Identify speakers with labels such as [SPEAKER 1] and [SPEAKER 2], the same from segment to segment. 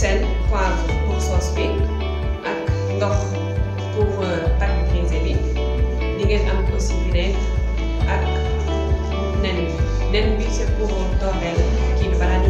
[SPEAKER 1] sel poivre pour sauce bi ak ndox pour pâte brisée bi di am aussi vinaigre ak nen bi nen bi c'est pour dooleel kii bi balaa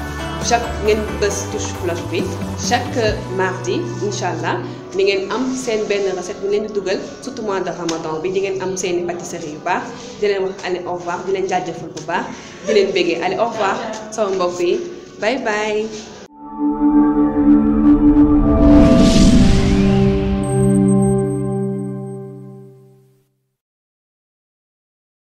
[SPEAKER 1] chaque ngeen bës touche flash bi chaque mardi inshallah ni ngeen am seen benn recette bu leen di dugal surtout mois de ramadan bi di ngeen am seen i pâtisserie yu baax di leen wax allez au revoir di leen jaajëfal au revoir sama mbokk yi bye bye